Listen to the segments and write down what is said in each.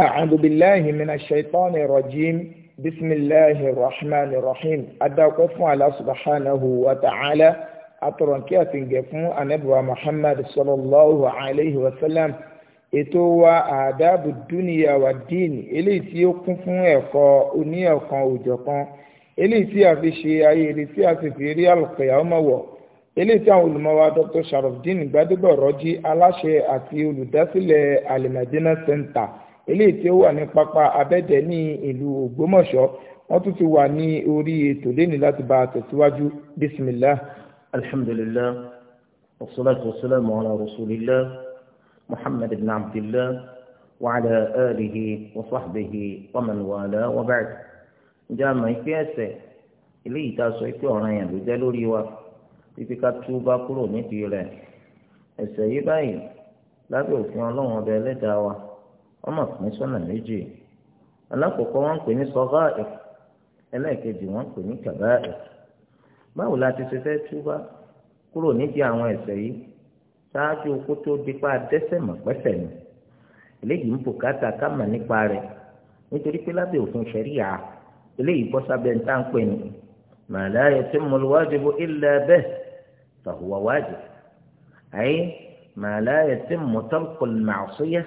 أعوذ بالله من الشيطان الرجيم بسم الله الرحمن الرحيم أدعوكم على سبحانه وتعالى أتركي أتنجفون أنبوى محمد صلى الله عليه وسلم ètò wa àdáàbò dúnìyà wà díìnì eléyìí tí ó kún fún ẹ̀kọ́ oníẹ̀kan òjọ̀kan eléyìí tí a fi ṣe ayẹyẹ tí a sì fi rí àlùkòyà ọmọ wọ̀ eléyìí tí àwọn olùmọ̀wá Dr. Sharafdin Gbadebo Rọ́jí aláṣẹ àti olùdásílẹ̀ Alimadina Center eléyìí tí ó wà ní pápá abẹ́dẹ̀ ní ìlú Ògbómọ̀ṣọ́ wọ́n tún ti wà ní orí ètò lẹ́ni láti bá a tẹ̀síwájú bisimilah. alhamdulillah wasalaatu wasalaamu ala rasulillah muhammad ibn abdillah wa ala alihi wa sahbihi wa man wala wa ba'd. ǹjẹ́ àmọ́ ìpín ẹ̀ṣẹ̀ eléyìí tá a sọ pé ọ̀ràn yẹn ló jẹ́ lórí wa títí ká túbá kúrò nídìí rẹ̀ ẹ̀ṣẹ̀ yìí báyìí lábẹ́ òfin ọlọ́run ọba ẹlẹ́dàá wa wọ́n mọ̀ pín sọ́nà méjì alákọ̀ọ́kọ́ wọ́n ń pè ní sọ́gáàì ẹlẹ́ẹ̀kejì wọ́n ń pè ní kàbáì báwo la ti ṣe fẹ́ túbá kúrò nídìí àwọn ẹ̀ṣẹ̀ yìí ṣáájú kó tó dípa dẹ́ṣẹ̀ mọ̀ pẹ́ṣẹ̀ ni eléyìí ń bùkátà ká mọ̀ nípa rẹ̀ nítorí pé lábẹ́ òfin ṣẹ̀ríyà eléyìí bọ́ sábẹ́ ní táǹpẹ̀ ni ma la yatimmul wajibu illa bihi fahuwa wajib ay ma la yatimmu tarkul ma'siyah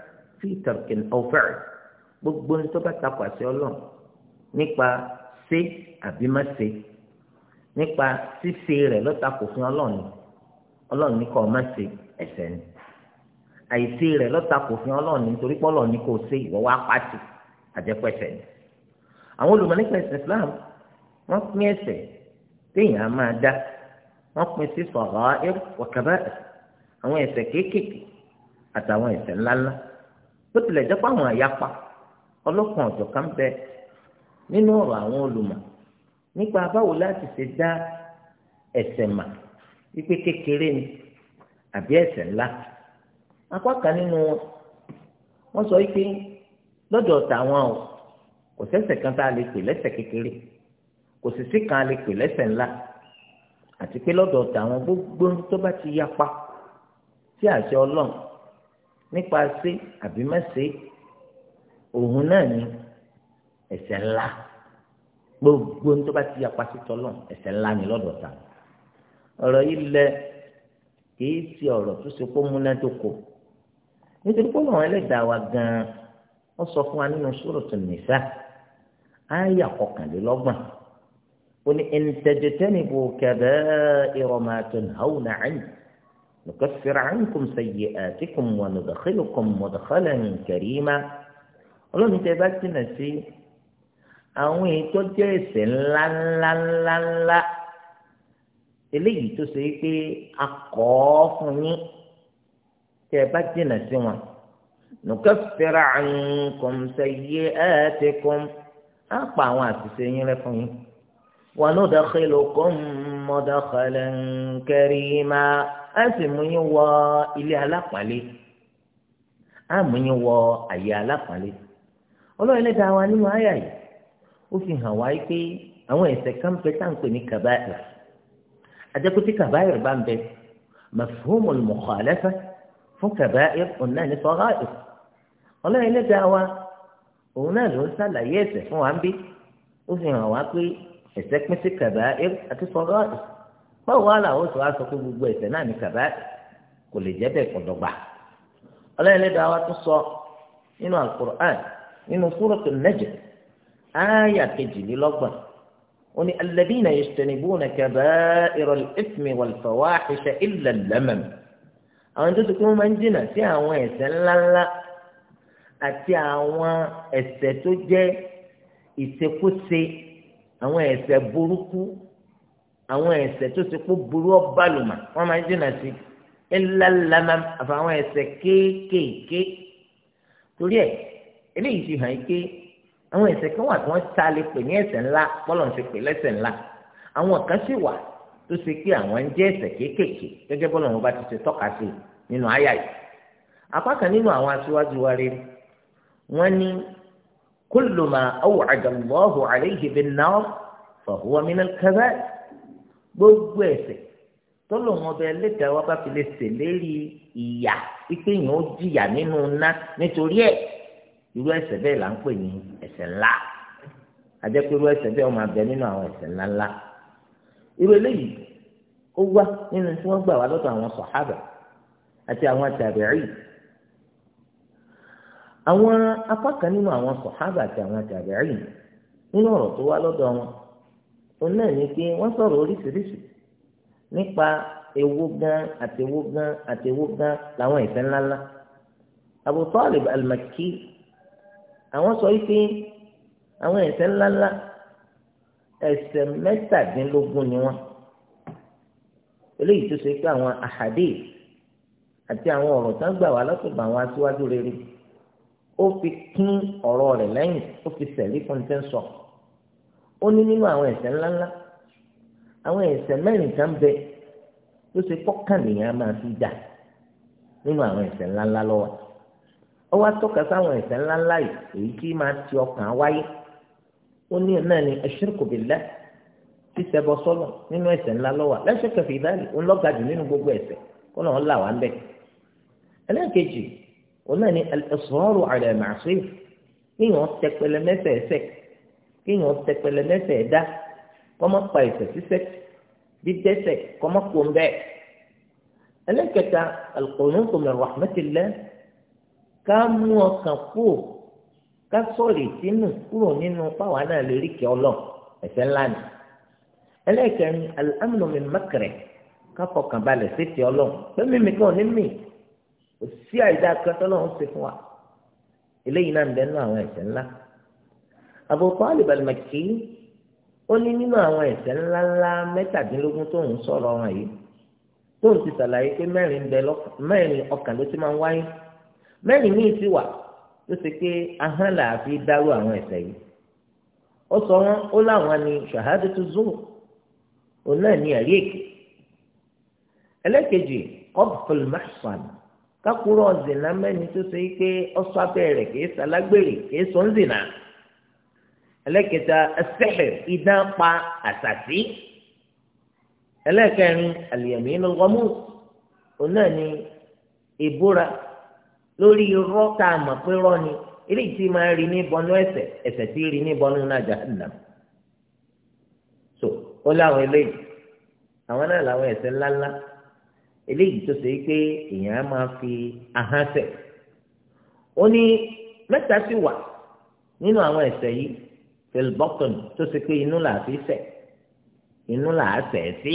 fi tàbíkìn ọ̀fẹ́rẹ́ gbogbo ní tó bá takò àṣẹ ọlọ́run nípa ṣe àbí má ṣe nípa ṣíṣe rẹ̀ lọ́tàkò fún ọlọ́run ọlọ́run ní kọ́ ọ má ṣe ẹ̀ṣẹ̀ ni àìṣe rẹ̀ lọ́tàkò fún ọlọ́run nítorí pé ọlọ́run ní kò ṣe ìwọ wá pàṣẹ àjẹpẹ́ṣẹ̀ ni àwọn olùmọ̀ ẹ̀sìn Islam wọ́n pín ẹ̀ṣẹ̀ téèyàn á máa dá wọ́n pín sí sọ̀rọ̀ ẹ̀rọ wọ̀kàbá àwọn ẹ̀ṣẹ̀ kéékèèké àtàwọn ẹ̀ṣẹ̀ ńláńlá bó tilẹ̀ jẹ́ pé àwọn àyapa ọlọ́kan ọ̀jọ̀kan bẹ nínú ọ̀rọ̀ àwọn olùmọ̀ nípa báwo láti ṣe dá ẹ̀ṣẹ̀ mà wípé kékeré ni àbí ẹ̀ṣẹ̀ ńlá apá kan nínú wọn wọ́n sọ wípé lọ́dọ̀ tàwọn o kò sẹ́ṣẹ̀ kan tá a lè pè lẹ́ṣẹ̀ kékeré kò sì sí kan a lè pè lẹ́ṣẹ̀ ńlá àti pé lọ́dọ̀ tàwọn gbogbo tó bá ti yapa sí àṣẹ Ọlọ́run nípa ṣe àbí má ṣe òun náà ni ẹ̀ṣẹ̀ ńlá gbogbo ní tó bá ti yapa sí tọ́lọ̀ ẹ̀ṣẹ̀ ńlá ni lọ́dọ̀ ta ọ̀rọ̀ yìí lẹ kìí ṣe ọ̀rọ̀ tó ṣe kó múnádóko nítorí pé ọlọ́run ẹlẹ́dàá wa gan-an wọ́n sọ fún wa nínú Suratul Nisa àyà kọkànlélọ́gbọ̀n ó ní ẹnìtẹ̀jẹ̀tẹ̀ nìbò kẹ̀bẹ́ ìrọ̀màtò náà ò náà ẹ̀yìn nukaffir عنكم سيئاتكم وندخلكم مدخلا كريما. karima ọlọ́run tẹ bá jìnnà sí àwọn ètò jẹ́ ẹ̀ṣẹ̀ ńlá ńlá ńlá ńlá eléyìí tó ṣe pé a kọ́ ọ́ fún yín tẹ bá jìnnà sí wọn nukaffir ankum sayyi'atikum á pa àwọn àṣìṣe yín rẹ́ fún yín wa nudkhilukum mudkhalan karima á sì mú yín wọ ilé alápàlẹ á mú yín wọ àyè alápàlẹ ọlọ́run lẹ́dàá wa nínú àyà yìí ó fi hàn wáyé pé àwọn ẹ̀ṣẹ̀ kan pẹ́ tá à ń pè ní kàbáyà àjẹkùtì kàbáyà bá ń bẹ mafhumul mukhalafa fún kàbáyà òun náà ní sọ́gáàdù ọlọ́run lẹ́dàá wa òun náà ló ń ṣàlàyé ẹ̀ṣẹ̀ fún wa ń bí ó fi hàn wá pé ẹ̀ṣẹ̀ pín sí kàbáyà àti sọ́gáàdù báwo wá làwọn sọ wá sọ pé gbogbo ẹ̀ṣẹ̀ náà ní kàbá kò lè jẹ́ bẹ́ẹ̀ kọ̀dọ̀gba ọlọ́run lẹ́dàá wa tún sọ nínú alukur'an nínú suratul najm ááyà kejìlélọ́gbọ̀n ó ní alladhina yajtanibuna kaba'ira al-ithmi wal-fawahisha illa al-lamam àwọn tó ti kí máa ń jìnnà sí àwọn ẹ̀ṣẹ̀ ńláńlá àti àwọn ẹ̀ṣẹ̀ tó jẹ́ ìṣekúṣe àwọn ẹ̀ṣẹ̀ burúkú àwọn ẹ̀ṣẹ̀ tó ti kó burú ọba lòmà wọn máa ń jìnnà sí ẹlẹ́lẹ́mà àfa àwọn ẹ̀ṣẹ̀ kéékèèké torí ẹ̀ eléyìí fi hàn pé àwọn ẹ̀ṣẹ̀ kan wà tí wọ́n ta lè pè ní ẹ̀ṣẹ̀ ńlá bọ́lọ̀ ń ṣe pè lẹ́ṣẹ̀ ńlá àwọn kan sì wà tó ṣe pé àwọn ń jẹ́ ẹ̀ṣẹ̀ kéékèèké gẹ́gẹ́ bọ́lọ̀ wọn bá ti ṣe tọ́ka sí nínú àyà yìí apá kan nínú àwọn aṣíwájú wa rere wọ́n ní kúlùmọ̀ awùràdàmọ́hù àlẹ́ ìhìbẹ̀ náà fọ̀hùwọ́mínà kẹfẹ́ gbogbo ẹ̀ṣẹ̀ tọ́lọ̀ wọn bẹ lẹ́tà wa bá fi lè ṣèlérí ìyà pípé yẹn ó jìyà nínú ná nítorí ẹ̀ irú ẹ̀ṣẹ̀ bẹ́ẹ̀ là ń pè ní ẹ̀ṣẹ̀ ńlá àjẹpẹ́ irú ẹ̀ṣẹ̀ bẹ́ẹ̀ ó máa bẹ nínú àwọn ẹ̀ṣẹ̀ ńlá ńlá irú eléyìí ó wá nínú tí wọ́n gbà wá lọ́dọ̀ àwọn sàhábà àti àwọn tàbíì àwọn apá kan nínú àwọn sàhábà àti àwọn tàbíì nínú ọ̀rọ̀ tó wá lọ́dọ̀ wọn òun náà ní pé wọ́n sọ̀rọ̀ oríṣiríṣi nípa ewu gan àti ewu gan àti ewu gan làwọn ìfẹ́ ńláńlá Abu Talib al-Makki àwọn sọ wípé àwọn ẹ̀ṣẹ̀ ńláńlá ẹ̀ṣẹ̀ mẹ́tàdínlógún ni wọ́n eléyìí tó ṣe pé àwọn àhàdé àti àwọn ọ̀rọ̀ tán gbà wá lọ́sọ̀gbà àwọn aṣíwájú rere ó fi kún ọ̀rọ̀ rẹ̀ lẹ́yìn ó fi tẹ̀lé fún tẹ́ńsọ̀ọ́ ó ní nínú àwọn ẹ̀ṣẹ̀ ńláńlá àwọn ẹ̀ṣẹ̀ mẹ́rin kan bẹ ló ṣe kọ́kànlélẹ́yìn máa fi dà nínú àwọn ẹ̀ṣẹ̀ ńláńlá lọ́wọ́ ó wá tọ́ka sáwọn ẹ̀ṣẹ̀ ńláńlá yìí èyí tí máa ti ọkàn wáyé ó ní náà ni ashirku billah sísẹbọ sọlọ nínú ẹ̀ṣẹ̀ ńlá lọ́wọ́ lẹsẹ kẹfì ìdáàlì ó ń lọgà jù nínú gbogbo ẹ̀ṣẹ̀ kó náà ń là wá ń bẹ ẹlẹ́ẹ̀kejì ó náà ni al-israru ala ma'siyah kéèyàn tẹpẹlẹ lẹ́sẹ̀ ẹ̀dá kọ́mọ pa ẹ̀sẹ̀ sísẹ́ dídẹ́sẹ̀ kọ́mọ kó ń bẹ́ẹ̀. ẹlẹ́kẹta alqunutu min rahmatillah ká mú ọkàn kúrò ká sọ̀rọ̀ ìtínú kúrò nínú páwa náà lè rí kí ọlọ́ ẹ̀sẹ̀ ńlá ni. ẹlẹ́kẹrin al-amnu min makrih ká fọkàn balẹ̀ sí ti ọlọ́ pẹ́ẹ́mí mi kàn ní mì kò sí àìdá akẹ́tọ́ lọ́hún ṣe fún wa eléyìí náà ń bẹ́ẹ̀ nú àwọn ẹ̀sẹ̀ ńlá Abu Talib al-Makki ó ní nínú àwọn ẹ̀ṣẹ̀ ńláńlá mẹ́tàdínlógún tó ń sọ̀rọ̀ wọn yìí tó ń ti sàlàyé pé mẹ́rin bẹ mẹ́rin ọkàn ló ti máa ń wáyé mẹ́rin míì ti wà tó ṣe pé ahọ́n fi dárú àwọn ẹ̀ṣẹ̀ yìí ó sọ wọn ó láwọn ni shahadatu zuur òun náà ní ẹ̀rí èké ẹlẹ́kejì ẹlẹ́kẹta ẹsẹ̀hẹ̀ idán pa àṣàṣì ẹlẹ́kẹrin àlìyàmínú gọmú ọ̀nà ni ìbúra lórí irọ́ tá a mọ̀ pé rọ́ ni eléyìí tí máa rí ní bọnú ẹsẹ̀ ẹsẹ̀ tí rí ní bọnú náà jahannam so ó láwọn eléyìí àwọn náà làwọn ẹsẹ̀ ńláńlá eléyìí tó ṣe é pé èèyàn á máa fi ahọ́n sẹ̀ ó ní mẹ́ta sì wà nínú àwọn ẹsẹ̀ yìí filbọ́tọ̀n tó ṣe pé inú là á fi sẹ̀ inú là á sẹ̀ sí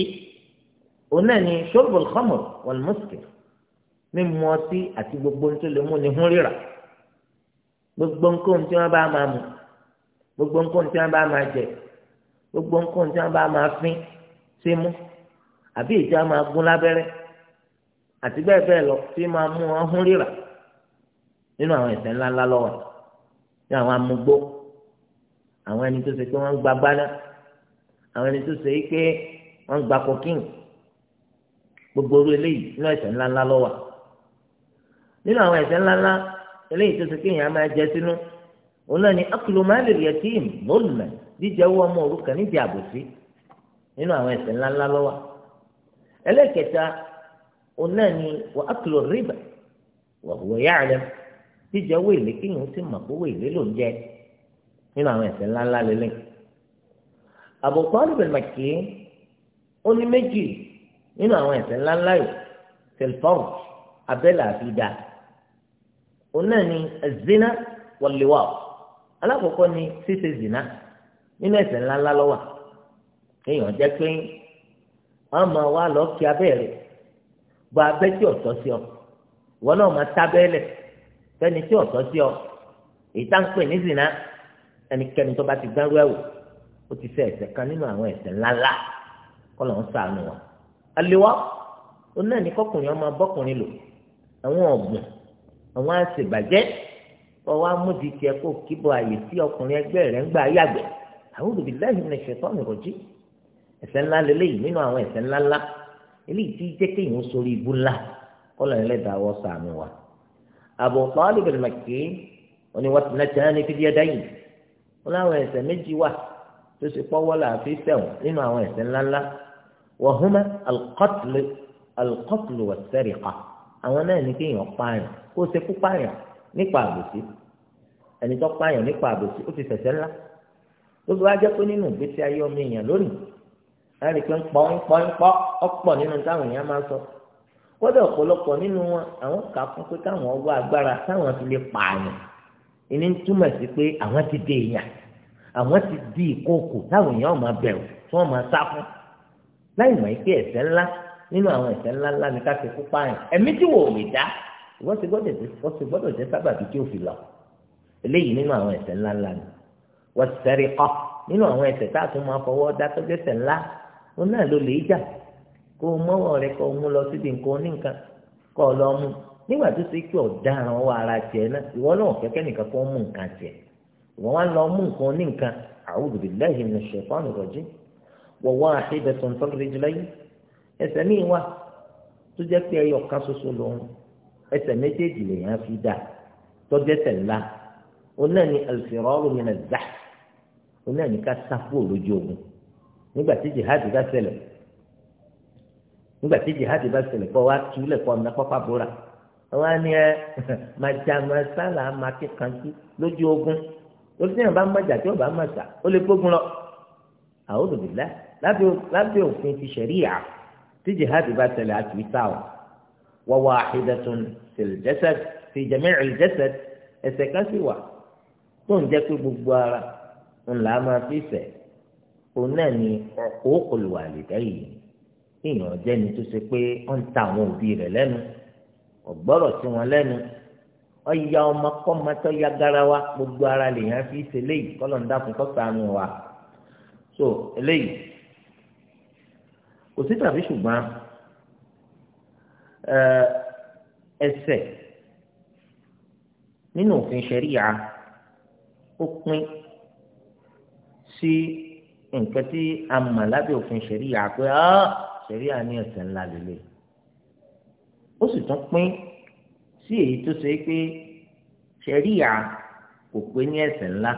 òun náà ni ṣọ́bùl khamr wal muskir mímu ọtí àti gbogbo tó lè mú ni hún ríra gbogbo nǹkan tí wọ́n bá máa mu gbogbo nǹkan tí wọ́n bá máa jẹ gbogbo nǹkan tí wọ́n bá máa fín sí mú àbí ìjà máa gún lábẹ́rẹ́ àti bẹ́ẹ̀ bẹ́ẹ̀ lọ tí máa mú wọn hún ríra nínú àwọn ẹ̀ṣẹ̀ ńláńlá lọ́wọ́ ní àwọn amugbó àwọn ẹni tó ṣe pé wọ́n ń gba gbáná àwọn ẹni tó ṣe pé wọ́n ń gba kọkíìn gbogbo orí eléyìí nínú ẹ̀ṣẹ̀ ńláńlá lọ́wọ́ nínú àwọn ẹ̀ṣẹ̀ ńláńlá eléyìí tó ṣe pé èèyàn máa jẹ sínú òun náà ni akulu máàlì yatim lọ́lùmẹ̀ jíjẹ owó ọmọ òrukàn nídìí àbòsí nínú àwọn ẹ̀ṣẹ̀ ńláńlá lọ́wọ́ ẹlẹ́kẹta òun náà ni wà akulu rìbà wà wọ̀ yáàlẹ̀ jíjẹ owó èlé ó sì mọ̀ owó èlé ló ń nínú àwọn ẹ̀ṣẹ̀ ńláńlá lélẹ̀ Abu Talib al-Makki ó ní méjì nínú àwọn ẹ̀ṣẹ̀ ńláńlá yìí tẹlifọrù abẹlẹ àfidà òun náà ni zina wal-liwa alákọọkọ ni ṣíṣe zina nínú ẹ̀ṣẹ̀ ńláńlá lọwà kéèyàn jẹ pé ọmọ wa lọ kí abẹ́rẹ́ bọ abẹ́ tí ọ̀tọ̀ sí ọ ìwọ náà máa tábẹ́lẹ̀ fẹ́ni tí ọ̀tọ̀ sí ọ ìtànkpé ní zina ẹnikẹ́ni tó bá ti dárú ẹ̀ wò ó ti ṣẹ̀ ẹ̀ṣẹ̀ kan nínú àwọn ẹ̀ṣẹ̀ ńláńlá kọ́ lọ́n sànù wọn. àlewọ́ ó náà ní kọkùnrin ọmọ bọ́kùnrin lò àwọn ọ̀gbìn àwọn àṣebàjẹ́ ọwọ́ amúdi tiẹ̀ kó kíbọ̀ àyè tí ọkùnrin ẹgbẹ́ rẹ̀ ń gbà yàgbẹ́ àwọn olùbíláyìí ní ṣètọ́ nìrọ̀jí ẹ̀ṣẹ̀ ńlá lélẹ́yìí nínú àwọn ẹ̀ṣẹ̀ ńláńlá eléyìí tí jẹ́ kéèyàn sórí ibú ńlá kọ́lọ̀ ẹlẹ́dàá wọ́ sànù wa. Abu Talib al oníwàtí náà tẹ́lẹ̀ ní fídíẹ̀ dáyìí wọn láwọn ẹ̀ṣẹ̀ méjì wà tó ṣe pọ́wọ́ làáfi sẹ̀wọ̀n nínú àwọn ẹ̀ṣẹ̀ ńláńlá wọ̀húnmá alkọ́tùlù alkọ́tùlù wọ̀sẹ̀rìkà àwọn náà ní kéèyàn pààyàn kó o ṣe kú pààyàn nípa àbòsí ẹni tó pààyàn nípa àbòsí ó ti ṣẹ̀ṣẹ̀ ńlá gbogbo wa jẹ́ pé nínú ìgbésí ayé ọmọ èèyàn lónìí láti pé ń pọ́ ń pọ́ ń pọ́ ọ̀pọ̀ nínú táwọn èèyàn máa sọ kódà ọ̀pọ̀lọpọ̀ nínú wọn àwọn kà fún pé káwọn ọwọ́ agbára táwọn ti lè pààyàn ìní túmọ̀ sí pé àwọn ti dé èèyàn àwọn ti di ìkókò táwọn èèyàn máa bẹ̀rù tí wọ́n máa sá fún láì mọ̀ pé ẹ̀ṣẹ̀ ńlá nínú àwọn ẹ̀ṣẹ̀ ńlá ńlá ni ká ti kú pààyàn ẹ̀mí tí wò lè dá wọ́n ti gbọ́dọ̀ jẹ́ sábàbí tí ó fi lọ eléyìí nínú àwọn ẹ̀ṣẹ̀ ńlá ńlá ni wọ́n ti sẹ́rí kọ́ nínú àwọn ẹ̀ṣẹ̀ tá a tún máa fọwọ́ dá tó jẹ́ṣẹ̀ ńlá òun náà ló lè jà kó o mọ́wọ́ rẹ kó o mú lọ síbi nǹkan oníǹkan kó o lọ mú nígbà tó ṣe pé ọ̀daràn wà ara tiẹ̀ náà ìwọ náà kẹ́kẹ́ nìkan kó mú nǹkan tiẹ̀ ìwọ wá lọ mú nǹkan ní nǹkan a'udhu billahi minash shaitanir rajim wa wahidatun fil rijlayn ẹsẹ̀ míì wà tó jẹ́ pé ẹyọ kan ṣoṣo lòun ẹsẹ̀ méjèèjì lèèyàn fi dà tọ́jẹ́sẹ̀ ńlá òun náà ni al-firaru min az náà ni ká sáfò lójú ogun nígbà tí jihadi bá ṣẹlẹ̀ nígbà tí jihadi bá ṣẹlẹ̀ kọ́ túlẹ̀ kọ́ àwọn ni ẹ màjàmá sálà màkì kàntú lójú ogun lójú yẹn bá màjà tí ó bá màjà ó lè gbógun lọ àwọn olùdílẹ lábẹ́ òfin ti ṣẹríyà tí jihad bá tẹ̀lé àti ìta o wàwà àhídẹtùn tìlìjẹsẹd fi jẹmí ìlìjẹsẹd ẹsẹ̀ kan sì wà tó ń jẹ́ pé gbogbo ara ńlá máa fi fẹ òun náà ni ọkọ òkòlùwà lè dá yìí èèyàn jẹni tó ṣe pé ó ń ta àwọn òbí rẹ̀ lẹ́nu ọ̀gbọ́rọ̀ sí wọn lẹ́nu ọ̀ya ọmọ kọ́mọ tó ya garawa gbogbo ara lèèyàn fi ṣe léyìí kọ́lọ̀ ń dákun kọ́ wa so eléyìí kò sí tàbí ṣùgbọ́n ẹsẹ̀ nínú òfin ṣẹ̀ríya ó pín sí nǹkan tí a mọ̀ lábẹ́ òfin ṣẹ̀ríya pé ṣẹ̀ríya ní ẹsẹ̀ ńlá lélẹ̀ ó sì tún pín sí èyí tó ṣe pé ṣẹ̀ríyà kò pé ní ẹ̀ṣẹ̀ ńlá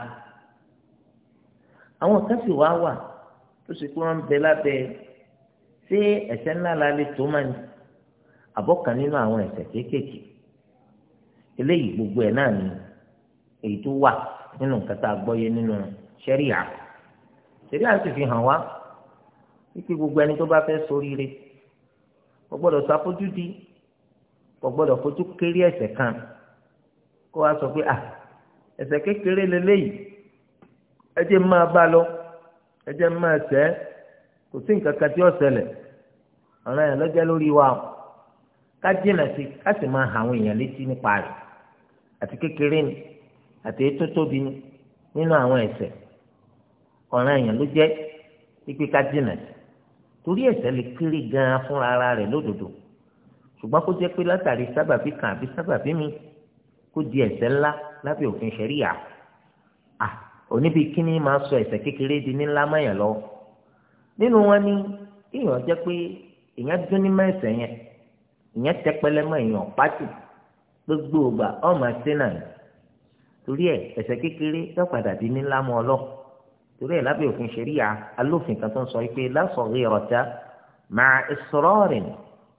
àwọn kan sì wá wà tó sì pé wọ́n ń bẹ lábẹ́ ṣé ẹ̀ṣẹ̀ ńlá la lè tó máa ní àbọ̀kan nínú àwọn ẹ̀ṣẹ̀ kéékèèké eléyìí gbogbo ẹ̀ náà ni èyí tó wà nínú nǹkan tá a gbọ́yé nínú ṣẹ́ríà ṣẹ́ríà sì fi hàn wá wípé gbogbo ẹni tó bá fẹ́ ṣoríire ó gbọ́dọ̀ ṣàfojúdi kò gbọ́dọ̀ fojú kéré ẹ̀ṣẹ̀ kan kó wá sọ pé à ẹ̀ṣẹ̀ kékeré lélẹ́yìí ẹ jẹ́ máa bá lọ ẹ jẹ́ máa ṣẹ̀ kò sí nǹkan kan tí ó ṣẹlẹ̀ ọ̀ràn yẹn lọ́jọ́ lórí wa ká jìnà sí ká sì máa hàn àwọn èèyàn létí nípa rẹ̀ àti kékeré ni àti ètò tóbi ni nínú àwọn ẹ̀ṣẹ̀ ọ̀ràn yẹn ló jẹ́ pípé ká jìnà sí torí ẹ̀ṣẹ̀ lè kéré gan-an fúnra rẹ̀ lódodo ṣùgbọ́n kó jẹ́ pé látàrí sábàbí kan àbí sábàbí mi kó di ẹ̀ṣẹ̀ ńlá lábẹ́ òfin ṣẹ̀ríyà à oníbi kíní máa sọ ẹ̀ṣẹ̀ kékeré di ní ńlá mọ́yàn lọ nínú wọn ni èèyàn jẹ́ pé èèyàn dún ní mẹ́sẹ̀ yẹn èèyàn tẹpẹlẹ mọ́ èèyàn pátì gbogbo ògbà ọmọ ẹsẹ náà torí ẹ ẹ̀ṣẹ̀ kékeré yóò padà di ní mọ́ ọ lọ torí ẹ lábẹ́ òfin ṣẹ̀ríyà alófin kan tó ń sọ pé lásọ̀rí ọ̀tá máa ìsọ̀rọ̀ rìn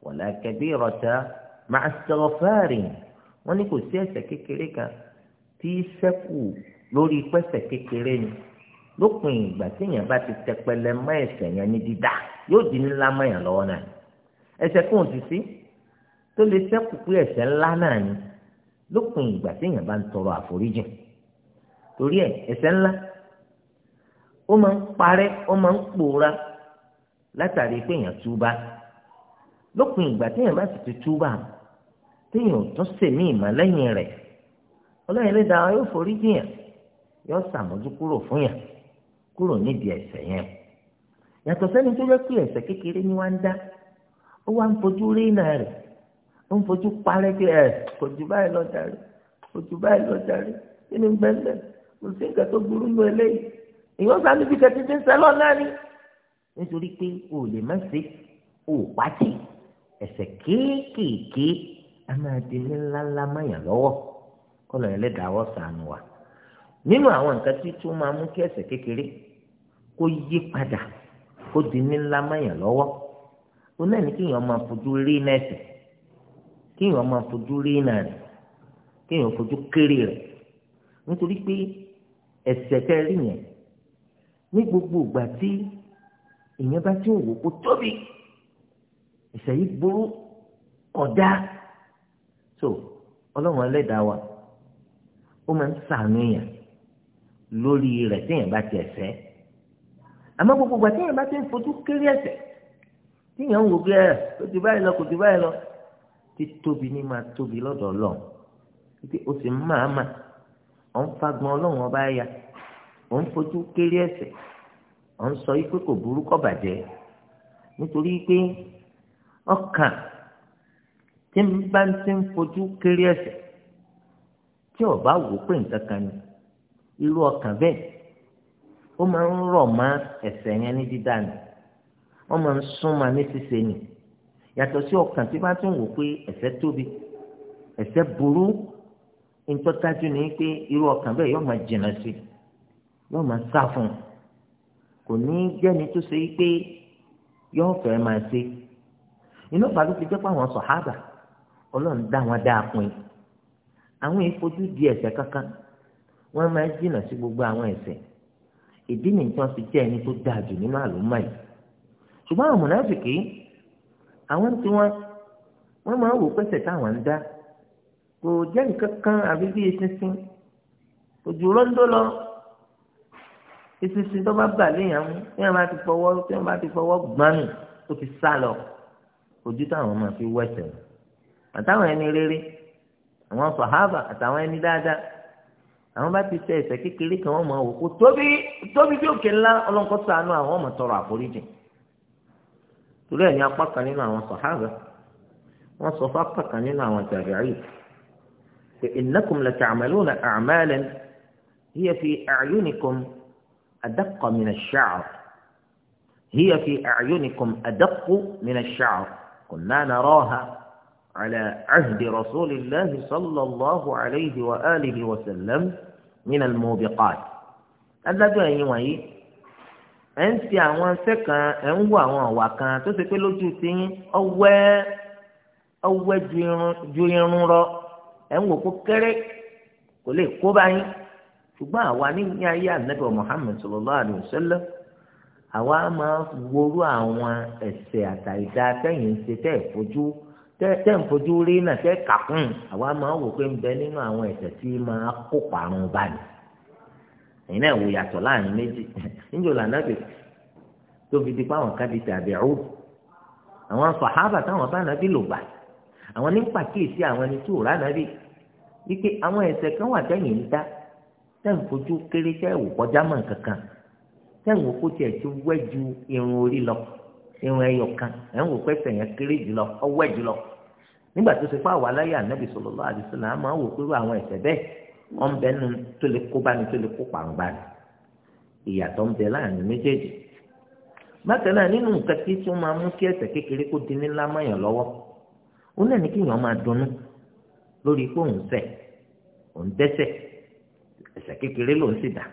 wala kabirata ma'a istighfarin wọ́n ní kò sí ẹ̀ṣẹ̀ kékeré kan tí sẹ́kù lórí pẹ́ṣẹ̀ kékeré ni lópin ìgbà téèyàn bá ti tẹpẹlẹ mọ́ ẹ̀ṣẹ̀ yẹn ní dídá yóò di ńlá mọ́ yàn lọ́wọ́ náà ẹ̀ṣẹ̀ kò sì sí tó lè sẹ́kù pé ẹ̀ṣẹ̀ ńlá náà ni lópin ìgbà téèyàn bá ń tọrọ àforíjìn torí ẹ̀ ẹ̀ṣẹ̀ ńlá ó máa ń parẹ́ ó máa ń pòórá látàrí pé èèyàn túbá lópin ìgbà téèyàn bá sì ti túbà téèyàn tó sèmí ìmọ̀ lẹ́yìn rẹ̀ ọlọ́yin lè dáa yóò forí jìyàn yóò sàmójú kúrò fún yàn kúrò nídìí ẹ̀ṣẹ̀ yẹn yàtọ̀ sẹ́ni tó jẹ́ pé ẹ̀ṣẹ̀ kékeré ni wá ń dá ó wá ń fojú rí iná rẹ̀ ó ń fojú parẹ́ pé ẹ̀ kò jù báyìí lọ darí kò báyìí lọ darí kí ni gbẹ́ngbẹ́ kò sí nǹkan tó burú nù eléyìí èèyàn sá níbi kẹtí ti ń sẹ́lọ̀ náà ni nítorí pé o ò lè o ò ẹ̀ṣẹ̀ kéékèèké a máa di ní ńláńlá mọ̀yàn lọ́wọ́ kọ́lọ̀ ẹlẹ́dàá wọ́ sànù wa nínú àwọn nǹkan tí tó máa mú kí ẹ̀ṣẹ̀ kékeré kó yí padà kó di ní ńlá mọ̀yàn lọ́wọ́ ó náà ní kéèyàn máa fojú rí iná ẹ̀ṣẹ̀ kéèyàn máa fojú rí iná rẹ̀ kéèyàn fojú kéré rẹ̀ nítorí pé ẹ̀ṣẹ̀ kẹrin yẹn ní gbogbo ìgbà tí èèyàn bá ti ń wò ó tóbi ìṣẹ̀yí burú kọjá so ọlọ́run ẹlẹ́dàá wa ó máa ń sàánú èèyàn lórí rẹ̀ téèyàn bá ti ẹ̀sẹ̀ àmọ́ gbogbo ìgbà téèyàn bá ti ń fojú kéré ẹ̀sẹ̀ téèyàn ń wò pé ẹ̀ kò ti báyìí lọ kò ti báyìí lọ ti tóbi ní máa tóbi lọ́dọ̀ ọlọ́run pé o sì ń máa mà ọ̀ fagbọn ọlọ́run ọba ya ọ̀ ń fojú kéré ẹ̀sẹ̀ ọ̀ sọ yí pé kò burú kọ́ bàjẹ́ nítorí pé. ọkàn tí ń bá ń ti ń fojú tí ó bá wò pé nǹkan kan ni irú ọkàn bẹ́ẹ̀ ó máa ń rọ̀ mọ́ ẹ̀ṣẹ̀ yẹn ní dídá ni wọ́n máa ń ní ṣíṣe ni yàtọ̀ sí ọkàn tí bá ti ń wò pé tóbi burú ni pé irú ọkàn yóò máa jìnnà sí yóò máa sá fún un kò ní jẹ́ni tó ṣe yóò fẹ́ máa ṣe inú pàlú ti jẹ́ pé àwọn sọ̀hábà ọlọ́run dá wọn dáa pin àwọn ìfojú di ẹ̀ṣẹ̀ kankan wọ́n máa ń jìnnà sí gbogbo àwọn ẹ̀ṣẹ̀ ìdí nìyí tí wọ́n fi jẹ́ ẹni tó dáa jù nínú àlùmọ́ yìí ṣùgbọ́n àwọn mùnáfìkì àwọn tí wọ́n wọ́n máa ń wò pẹ́sẹ̀ táwọn ń dá kò jẹ́ nǹkan kan àbí bí eṣinṣin òjò rọ́ńdó lọ eṣinṣin tó bá bà léèyàn mú téèyàn bá ti fọwọ́ téèyàn bá ti fọwọ́ gbọ́nù ó ti sá lọ ojú táwọn máa fi wẹ̀sẹ̀ àtàwọn ẹni rere àwọn sàhábà àtàwọn ẹni dáadáa àwọn bá ti ṣe ẹ̀ṣẹ̀ kékeré kan wọn máa wò kó tóbi tóbi bí òkè ńlá ọlọ́nkọ́ sànú àwọn ọmọ tọrọ àforíjì torí ẹ̀ ní apá kan nínú àwọn sàhábà wọn sọ fápá kan nínú àwọn tàbíàrí pé innakum lata'maluna a'malan hiya fi a'yunikum adaqqa min ash-sha'r hiya fi a'yunikum adaqqa min ash كنا نراها على عهد رسول الله صلى الله عليه وآله وسلم من الموبقات adájọ́ ẹ̀yin wọ̀nyí ẹ ń ṣe àwọn ẹsẹ̀ kan ẹ ń wo àwọn ọ̀wà kan tó ṣe pé lójú ti ń ọwẹ́ ọwẹ́ ju irun rọ ẹ ń wò kó kéré kò lè kó báyìí ṣùgbọ́n àwa ní ayé ànábì Muhammad sallallahu alaihi wasallam àwa máa worú àwọn ẹ̀ṣẹ̀ àtàìdá tẹ̀yìn ṣe tẹ̀ fojú tẹ̀ ń rí náà tẹ̀ kàkún àwa máa wò pé ń bẹ nínú àwọn ẹ̀ṣẹ̀ tí máa kó parun bá ní. náà wò yàtọ̀ láàrin méjì níjọ́ làná bèbè tó di pàwọn kan di tàbí àwọn sàhábà táwọn bá nàbí lò gbà àwọn ní pàkíyèsí àwọn ẹni tí ò rà nàbí wípé àwọn ẹ̀ṣẹ̀ kan wà tẹ̀yìn ń dá tẹ̀ ń kéré tẹ̀ wò kọjá mọ́ sẹ́wọ̀n kó tiẹ̀ ti wẹ́ ju irun orí lọ irun ẹyọ kan ẹ̀ ń wò pé ẹsẹ̀ yẹn kéré jùlọ ọwẹ́ jùlọ nígbà tó ṣe fún àwọn aláyà anábì sallallahu alaihi wasallam máa ń wò pé àwọn ẹ̀ṣẹ̀ bẹ́ẹ̀ wọ́n ń bẹ nu tó lè kó bá ni tó lè kó pàǹgbà ni ìyàtọ̀ ń bẹ láàrin méjèèjì bákan náà nínú nǹkan tí tí wọ́n máa mú kí ẹ̀ṣẹ̀ kékeré kó di ńlá mọ́yàn lọ́wọ́ ó náà ní kí èèyàn máa dunnú lórí pé òun ṣẹ̀ òun dẹ́ṣẹ̀ ẹ̀ṣẹ̀ kékeré lòun sì dà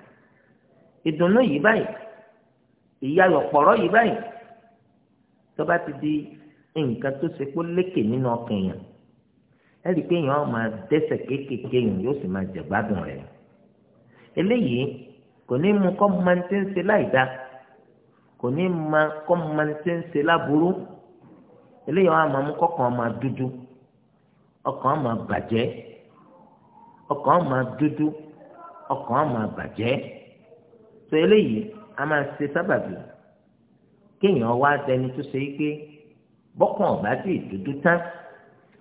ìdùnnú yìí báyìí ìyáyọ̀ pọ̀rọ̀ yìí báyìí tó bá ti di nǹkan tó ṣe pé lékè nínú ọkàn èèyàn ẹ rí i pé èèyàn máa dẹ́sẹ̀ kéékèèké èèyàn yóò sì máa jẹ̀gbádùn rẹ̀ eléyìí kò ní mú kọ́ máa ń tẹ́ ń ṣe láìda kò ní ma kọ́ máa ń tẹ́ ń ṣe láburú eléyìí wọn máa mú kọ́kàn máa dúdú ọkàn máa bàjẹ́ ọkàn máa dúdú ọkàn máa bàjẹ́ sọ eléyìí a máa ṣe sábàbí kéèyàn wá dẹni tó ṣe é pé bọ́kàn ọ̀bá sì dúdú tán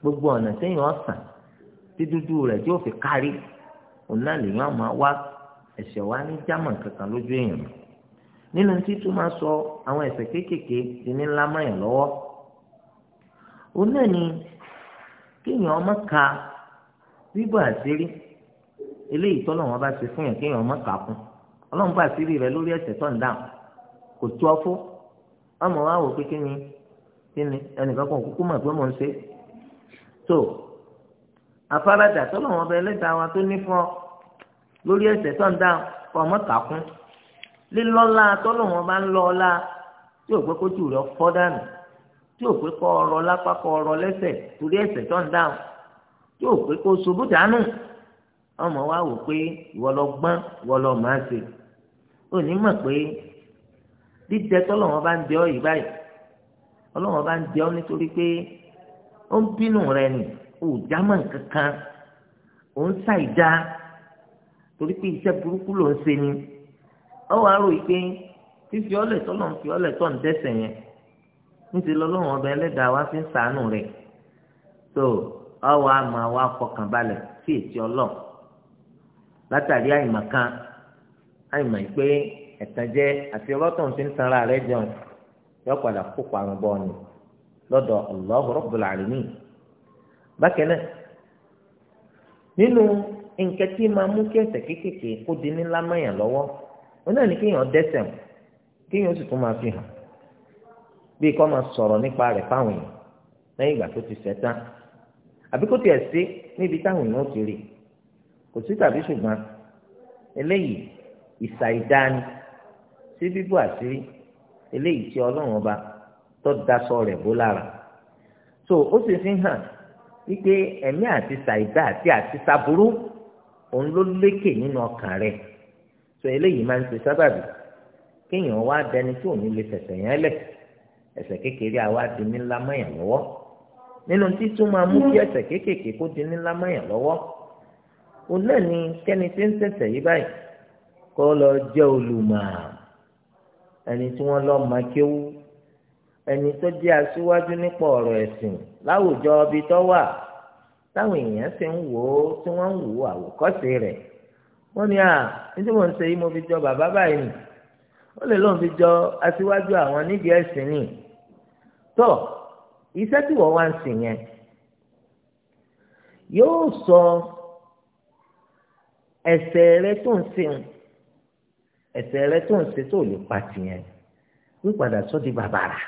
gbogbo ọ̀nà téèyàn sàn tí dúdú rẹ̀ tí ó fi kárí òun náà lèèyàn máa wá ẹ̀ṣẹ̀ wá ní jámà kankan lójú èèyàn nínú títún máa sọ àwọn ẹ̀ṣẹ̀ kéékèèké ti ní ńlá mọ́yàn lọ́wọ́ òun náà ni kéèyàn ọmọ ka bíbọ̀ àṣírí eléyìí tọ́lọ̀ wọn bá ṣe fún yàn kéèyàn ọmọ kà kún ọlọ́run bá àṣírí rẹ lórí ẹ̀sẹ̀ tó ń dà kò tó ọ ọmọ wa wò pé kí ni kí ni ẹnìkan kan kúkú mọ̀ pé mò ń ṣe tó afárádà tọ́lọ́wọ́n ọba ẹlẹ́dàá wa tó ní fún ọ lórí ẹ̀sẹ̀ tó ń dà kọ́ ọmọ kàkún lílọ́lá tọ́lọ́wọ́n ọba ń lọ ọlá tí ò pé kó jù rẹ fọ́ dànù tí ò pé kọ́ ọrọ̀ lápá kọ́ ọrọ̀ lẹ́sẹ̀ torí ẹ̀sẹ̀ tó ń dà tí ò pé kó ṣubú dànù ọmọ wa wò pé ìwọ lọ gbọ́n ìwọ lọ máa ṣe òní mọ̀ pé dídẹ tọ́lọ́wọ́n bá ń dẹ ọ́ yìí báyìí ọlọ́wọ́n bá ń dẹ ọ́ nítorí pé ó ń bínú rẹ nì ó já mọ́ nǹkan ó ń ṣàìdá torí pé iṣẹ́ burúkú ló ń ṣe ni ọ wàá rò pé fífi ọlẹ̀ fi ọlẹ̀ tọ̀ ń tẹ̀sẹ̀ yẹn níṣẹ́ lọ́lọ́wọ́n ọba ẹlẹ́dàá wá fi ń rẹ̀ tó ọ àìmọ̀ pé ẹ̀tànjẹ àti ọlọ́tọ̀n ti ń tanra rẹ jẹun yọ padà kó ni lọdọ Allahu Rabbul Alamin nínú ma mú kí kó di ní kéèyàn dẹ́ṣẹ̀ wọn ma fi hàn bí kò máa sọ̀rọ̀ nípa fáwọn ìgbà tó ti tán àbí kó sí níbi táwọn ti rí ìsàìdáni sí bíbú àṣírí eléyìí tí ọlọ́run ọba tó daṣọ rẹ̀ bó lára so ó sì fi hàn wípé ẹ̀mí àti ṣàìdá àti àti ṣàbúrú òun ló lékè nínú ọkàn rẹ̀ so eléyìí máa ń ṣe sábàbí kéèyàn wá dẹni tí òun lè fẹsẹ̀ yẹn lẹ̀ ẹ̀ṣẹ̀ kékeré àwa di ní ńlá mọ́yàn lọ́wọ́ nínú títún máa mú kí ẹ̀ṣẹ̀ kékèké kó di ní ńlá mọ́yàn lọ́wọ́ òun náà ni kẹ́ni tí ń ṣẹ̀ṣẹ̀ yí báyìí kó lọ jẹ́ olùmọ̀ ẹni tí wọ́n lọ máa kéwú ẹni tó jẹ́ aṣíwájú nípa ọ̀rọ̀ ẹ̀sìn láwùjọ ibi tó wà táwọn èèyàn ṣe ń wò ó tí wọ́n ń wò àwòkọ́ṣe rẹ̀ wọ́n ní à nítorí wọ́n ń ṣe yìí mo fi jọ bàbá báyìí nì ó lè lóun fi jọ aṣíwájú àwọn nídìí ẹ̀sìn nì tó iṣẹ́ tí wọ́n wá ń sìn yẹn yóò sọ ẹsẹ̀ rẹ tó ń sìn ẹ̀ṣẹ̀ rẹ tó ń ṣe tó lè pa tìyẹn yóò padà sọ di bàbàrà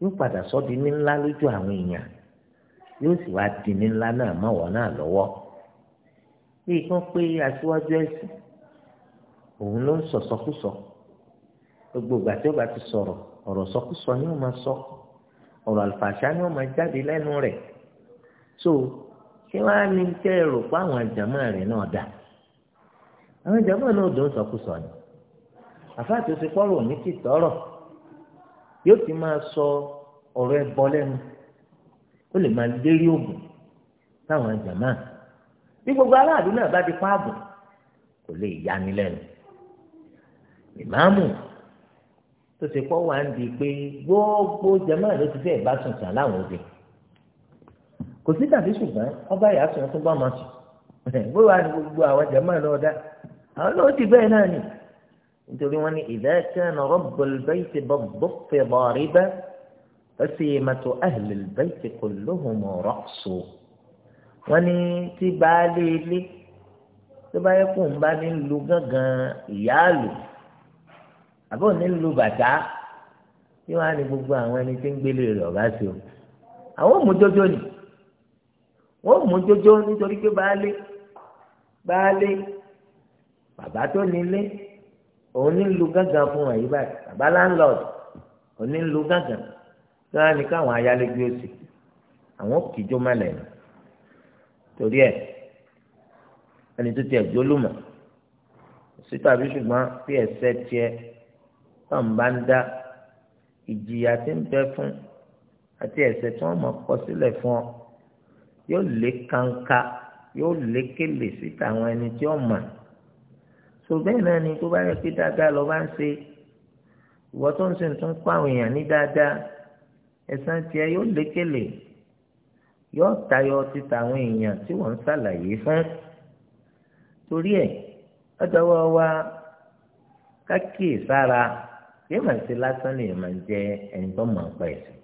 yóò padà sọ di nílá lójú àwọn èèyàn yóò sì wá di nílá náà mọ̀wọ́ náà lọ́wọ́ bí kan pé aṣíwájú ẹ̀sìn òun ló ń sọ sọkúsọ gbogbo ìgbà tí ó bá ti sọ̀rọ̀ ọ̀rọ̀ sọkúsọ ni ó máa sọ ọ̀rọ̀ àlùfàṣà ni ó máa jáde lẹ́nu rẹ̀ so kí wọ́n á ní kẹ́ ẹ̀rọ pé àwọn àjàmọ́ rẹ̀ náà dáa àwọn ìjàmbá náà dùn sọkúsọ ni àfáàtì oṣù pọ́lù òní ti tọrọ yóò ti máa sọ ọ̀rọ̀ ẹbọ lẹ́nu ó lè máa lérí ògùn táwọn ìjàmbá bí gbogbo aráàlú náà bá di páàbù kò lè yani lẹ́nu ìmáàmù tó ṣe pọ́ wá di pé gbogbo jàmáà ló ti fẹ́ bá sùn sàn láwọn òde kò sí tàbí ṣùgbọ́n ọba ìyá sùn tó bá máa sùn gbogbo àwọn àwọn náà ti bẹ́ẹ̀ náà ni nítorí wọn ní ìdákẹ́nà rọ́bùlbẹ́yì ti bọ́ bọ́fẹ́ bọ́ọ̀rí bẹ́ ẹ̀sìmẹ̀tò ẹ̀hìlbẹ́yì ti kò lóhùn rọ́ọ̀sù wọn ní tí baálé ilé tó bá yẹ kó ń bá ní lu gángan ìyáàlú àbọ̀ ní lu bàtà tí wọn á ní gbogbo àwọn ẹni tí ń gbélé rẹ̀ ọ̀gá sí o àwọn ò mú jójó ni wọn ò mú jójó nítorí pé baálé baálé bàbá tó nílé òun ní lu gángan fún wọn yìí báyìí bàbá landlord òun ní lu gángan gángan ni káwọn ayálégbé ó sì àwọn kìjọ mọ́lẹ̀ ni torí ẹ̀ ẹni tó tiẹ̀ jólùmọ̀ sítàbí ṣùgbọ́n bí ẹsẹ̀ tiẹ̀ wọn bá ń dá ìjìyà tí ń bẹ fún àti ẹsẹ̀ tí wọ́n mọ̀ kọ sílẹ̀ fún ọ yóò lé kánká yóò lé kélé síta àwọn ẹni tí wọ́n mọ̀ tó bẹ́ẹ̀ náà ni tó bá yẹ pé dáadáa lọ́ọ́ bá ń ṣe ìwọ tó ń ṣe tó ń kó àwọn èèyàn ní dáadáa ẹ̀san tiẹ̀ yóò lékele yóò tayọ títa àwọn èèyàn tí wọ́n ń ṣàlàyé fún torí ẹ̀ ọ̀dọ́wọ́ wa kákìí sára yóò máa ṣe lásán lè máa jẹ ẹni tó máa ń pa ẹ̀sìn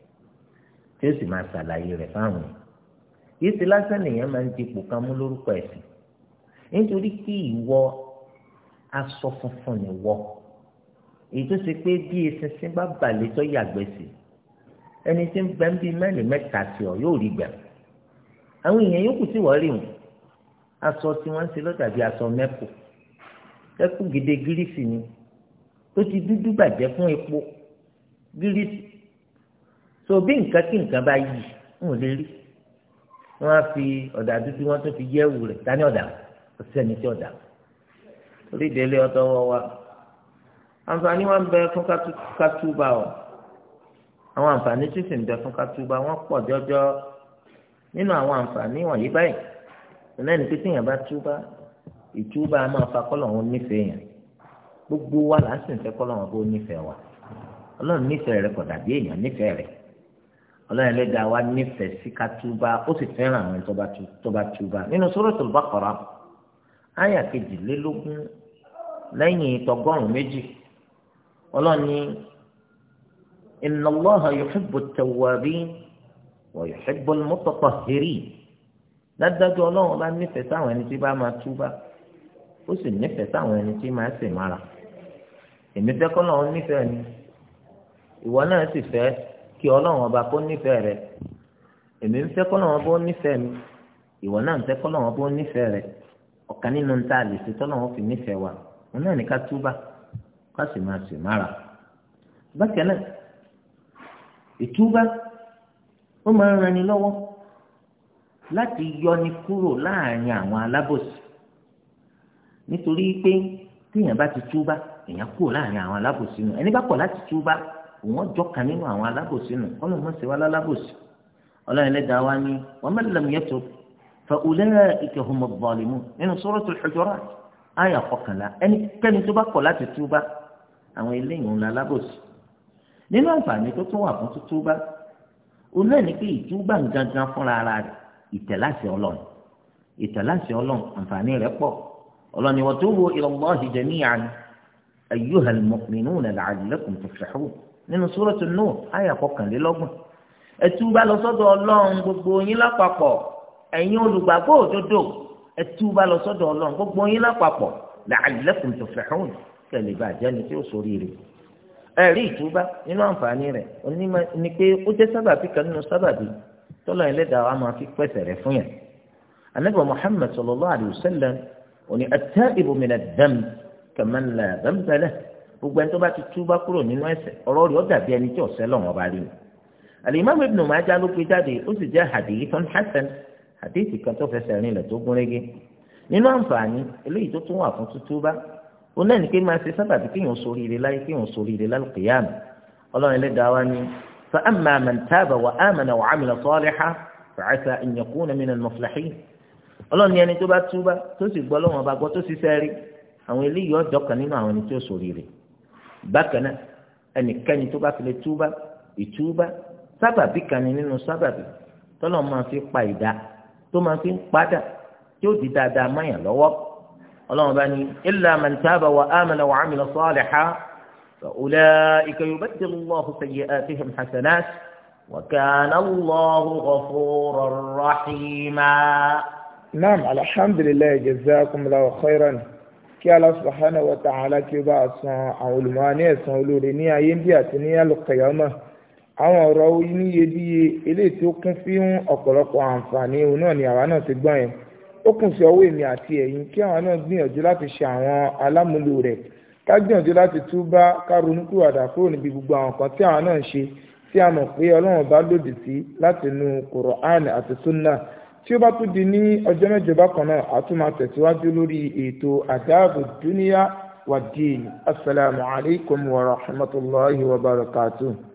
tí ó sì máa ṣàlàyé rẹ̀ fáwọn yìí ṣe lásán lèèyàn máa ń dipò kan mú lórúkọ ẹ̀sìn nítorí kí ìwọ aṣọ funfun ni wọ èyí tó ṣe pé bí eṣinṣin bá balẹ̀ tó yàgbẹ́ sí ẹni tí ń bẹ ń bí mẹ́rin mẹ́ta sí ọ yóò rí gbà àwọn èèyàn yòókù tí wọ́n rí wọn aṣọ tí wọ́n ń ṣe lọ́tà bí aṣọ mẹ́kù ẹkù gèdè gírísì ni tó ti dúdú bàjẹ́ fún epo gírísì so bí nǹkan kí nǹkan bá yí ń lè rí wọ́n á fi ọ̀dà dúdú wọ́n tó fi yẹ́wù rẹ̀ dání ọ̀dà ọ̀sẹ̀ ní ti ọ̀dà wọn torí ìdílé ọdọ wọn wa àǹfààní wọn bẹ fún kátúbà o àwọn àǹfààní tí sì ń bẹ fún kátúbà wọn pọ̀ jọjọ nínú àwọn àǹfààní wọ̀nyí báyìí lẹ́nu pé tíyàn bá túbà ìtúbà máa fa kọ́lọ̀hún nífẹ̀ẹ́ yẹn gbogbo wa là ń sìn fẹ́ kọ́lọ̀hún bó nífẹ̀ẹ́ wa ọlọ́run nífẹ̀ẹ́ rẹ kò dàbí èèyàn nífẹ̀ẹ́ rẹ ọlọ́run ẹlẹ́dàá wa nífẹ̀ẹ́ sí kátúbà ó sì fẹ́ràn àwọn tó bá túbà nínú Suratul lẹ́yìn tọgọ́rùn méjì ọlọ́ni inna Allaha yuhibbu at-tawwabin wa yuhibbu al-mutatahhirin dájúdájú ọlọ́run bá nífẹ̀ẹ́ sáwọn ẹni tí bá máa túbá ó sì nífẹ̀ẹ́ sáwọn ẹni tí máa ṣe mára èmi fẹ́ kọ́ lọ́run nífẹ̀ẹ́ ni ìwọ náà sì fẹ́ kí ọlọ́run ọba kó nífẹ̀ẹ́ rẹ èmi ń fẹ́ kọ́ lọ́run bó nífẹ̀ẹ́ mi ìwọ náà ń fẹ́ kọ́ lọ́run bó nífẹ̀ẹ́ rẹ ọ̀kan nínú tá lè ṣe tọ́lọ́run fi nífẹ̀ẹ́ wa wọn náà ní ká túbà ká sì máa sì mára bákan náà ìtúbà ó máa ń ranni lọ́wọ́ láti yọni kúrò láàrin àwọn alábòsí nítorí pé téèyàn bá ti túbà èèyàn kúrò láàrin àwọn alábòsí nù ẹni bá kọ̀ láti túbà òun ọjọ́ kan nínú àwọn alábòsí nù ọlọ́run mọ̀ sí wa lálábòsí ọlọ́run ẹlẹ́dàá wa ni wa man lam yatub fa ulaika humu zalimun nínú suratul hujurat àyà kọkànlá ẹnikẹ́ni tó bá kọ̀ láti túbá àwọn eléyìí ńlá lábòsí nínú àǹfààní tó tún wà fún túbá olú ẹni pé ìtúbà ń gangan fúnra ara rẹ̀ ìtẹ̀láṣẹ ọlọ́run ìtẹ̀láṣẹ ọlọ́run àǹfààní rẹ̀ pọ̀ ọlọ́ni wa tubu ila Allahi jami'an ayyuhal mu'minuna la'allakum tuflihun nínú suratul Nur àyà kọkànlélọ́gbọ̀n ẹ lọ sọ́dọ̀ ọlọ́run gbogbo yín lápapọ̀ ẹ̀yin olùgbàgbọ́ òdodo ẹtú bá lọ sọ́dọ̀ Ọlọ́run gbogbo yín lápapọ̀ la'allakum tuflihun kẹlẹ bá jẹni tí ó sórí rẹ̀ ẹ̀rí ìtúbá nínú àǹfààní rẹ̀ onímọ̀ ni pé ó jẹ́ sábàbí kan nínú sábàbí tọ́lọ́ ẹlẹ́dàá wa máa fi pẹ̀sẹ̀ rẹ̀ fún yẹn anabi muhammed sallallahu alayhi wa sallam òní at-ta'ibu min ad-dambi kaman la dhanba lahu gbogbo ẹni tó bá ti túbá kúrò nínú ẹ̀ṣẹ̀ ọ̀rọ̀ rẹ̀ ó dàbí ẹni tí ọ̀sẹ̀ lọ́wọ́ bá rí ni alimami ibn majah ló gbé jáde ó sì jẹ́ hadithun hasan àdéhìí kan tó fẹsẹ̀ rinlẹ̀ tó gún régé nínú àǹfààní eléyìí tó tún wà fún tútúbá òun náà ní pé máa ṣe sábàbí kéèyàn ṣoríire láyé kéèyàn ṣoríire lálùkìyàmù ọlọ́run ẹlẹ́dàá wa ni fa amma man taba wa amana wa amila salihan fa asa an yakuna minal muflihin ọlọ́run ní ẹni tó bá túbá tó sì gbọ́ lọ́wọ́n ọba gbọ́ tó sì sẹ́rí àwọn eléyìí ọ̀dọ́ kan nínú àwọn ẹni tó ṣoríire bákan náà ẹnikẹ́ni tó bá fi lè túbá ìtúbá sábàbí kan nínú sábàbí tọ́lọ́ máa fi pa ìdá tó máa fi ń padà tí ó di dáadáa máyà lọ́wọ́ ọlọ́run bá ní illa man taba wa amana wa amila salihan fa ulaika yubaddilu Allahu sayyi'atihim hasana wa kana Allahu roro rahima. naam alhamdulilayi kumla wa khairan kí ala subhanahu wa ta'ala kí ó bá a san àwọn olùmọ̀ ní ẹ̀san olóore ní ayé ń bí àti ní alùkẹ́yàmọ́. àwọn ọ̀rọ̀ oníyebíye eléyìí tó kún fún ọ̀pọ̀lọpọ̀ àǹfààní òun náà ni àwa náà ti gbọ́n yẹn ó kùn sí ọwọ́ èmi àti ẹ̀yin kí àwa náà gbìyànjú láti ṣe àwọn alámúlò rẹ̀ ká gbìyànjú láti túbá ká ronúkúwàdà kúrò níbi gbogbo àwọn kan tí àwa náà ń ṣe tí a mọ̀ pé ọlọ́run bá lòdì sí láti inú kùrọ̀án àti súnà tí ó bá tún di ní ọjọ́ mẹ́jọ bákan náà a tún máa tẹ̀síwájú lórí ètò àdáàbò dúníyà wàdíìn asalaamualeykum wa rahmatulahi wa barakatuh.